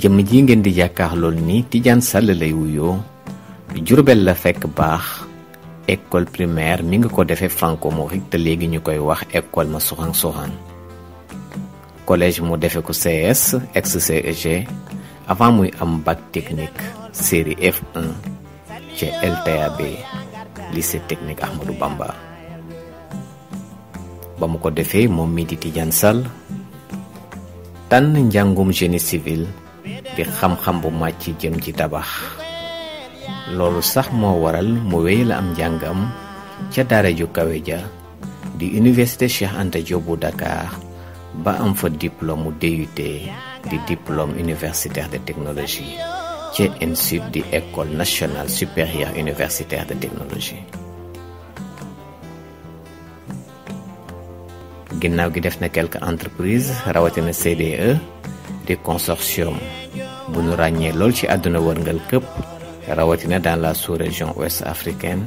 jëm ji ngeen di yaakaar lool ni tijaan sàll lay wuyoo Jurbel la fekk baax école primaire mi nga ko defee franco Morik te léegi ñu koy wax école ma soxan soxan collège mu defe ko CS ex cg avant muy am bac technique série F1 ca LTAB lycée technique Ahmadou Bamba ba mu ko defee moom mii di tijaan sàll tànn njàngum génie civil yëkkati xam-xam bu màcc jëm ci tabax loolu sax moo waral mu wéy la am njàngam ca daara ju kawe ja di université Cheikh Anta Diop bu Dakar ba am fa diplôme mu DUT di diplôme universitaire de technologie ca INSUT di école nationale supérieure universitaire de technologie gi def na quelques entreprises rawatina CDE di bu ñu ràññee lool ci àdduna wërngal këpp rawatina dans la sous-région ouest africaine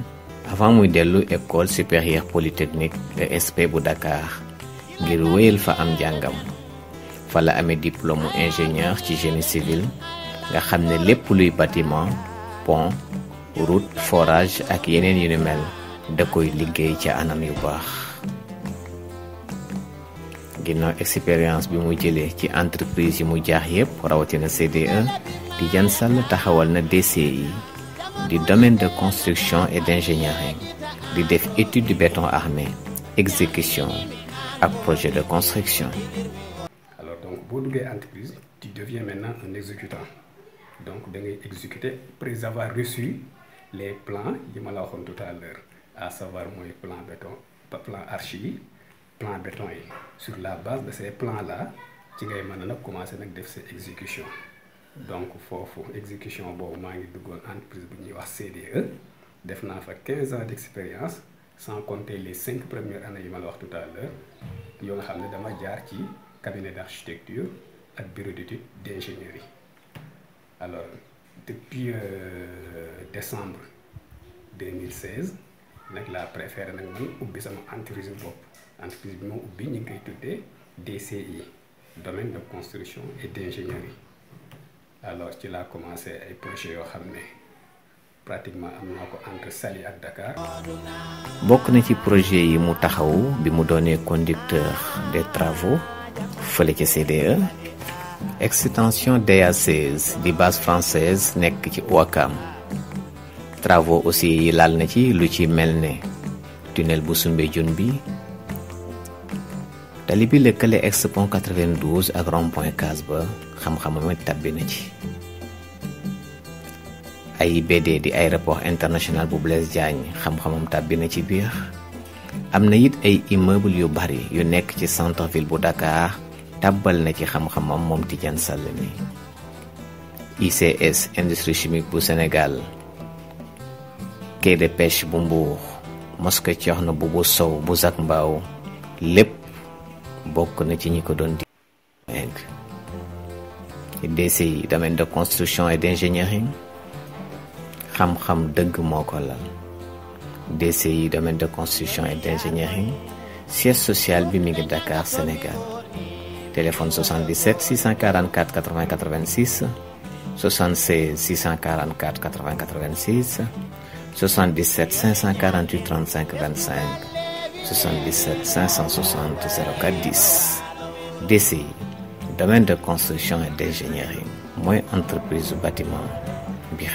avant muy dellu école supérieure polytechnique ESP bu Dakar ngir wéyal fa am njàngam fala la amee diplôme ingénieur ci génie civil nga xam ne lépp luy bâtiment pont route forage ak yeneen yu ni mel da koy liggéey ca anam yu baax expérience bi mu jëlee ci entreprise yi yépp CD1 DCI e, di domaine de construction et d'ingénierie di def étude du béton armé exécution ak projet de construction. alors donc entreprise tu deviens maintenant un exécutant donc da exécuter après avoir reçu les plans ma tout à l'heure à savoir les plan béton plan archi plan béton sur la base de ces plans là ci ngay mën a commencé nag def sa donc foofu exécution boobu maa ngi duggoon entreprise bu CDE def naa fa 15 ans d'expérience sans compter les 5 premières années que ma la wax tout à l'heure yoo nga cabinet d'architecture et le bureau d'études d'ingénierie. alors depuis euh, décembre 2016 nag laa préféré faire man entreprise entreprise bi moo DCI domaine de construction et d'ingénierie alors ci laa commencé ay projets pratiquement entre Saly ak Dakar. bokk na ci projet yi mu donné bi mu donné conducteur des travaux fële que CDE. extension DA16 De base française nekk ci Ouakam travaux aussi yi laal na ci lu ci tunnel bu bi. tali bi lëkkale ex pont 92 ak rond point Case ba xam-xamam it tàbbi na ci. AIBD di aéroport international bu Blaise Diagne xam-xamam tàbbi na ci biir. am na it ay immeuble yu bari yu nekk ci centre ville bu Dakar tàbbal na ci xam-xamam moom Tidiane Sall mi ICS industrie chimique bu Sénégal quai de pêche bu Mbour mosquée Cheikhna bu Sow bu Zac Mbao lépp DCI domaine de construction et d'ingénierie xam-xam dëgg DCI domaine de construction et d'ingénierie siège social bi Dakar Sénégal téléphone 77 644 80 86 76 644 80 86 77 548 35 25 77 560 0410. DCI, domaine de construction et d'ingénierie, Moins entreprise bâtiment bi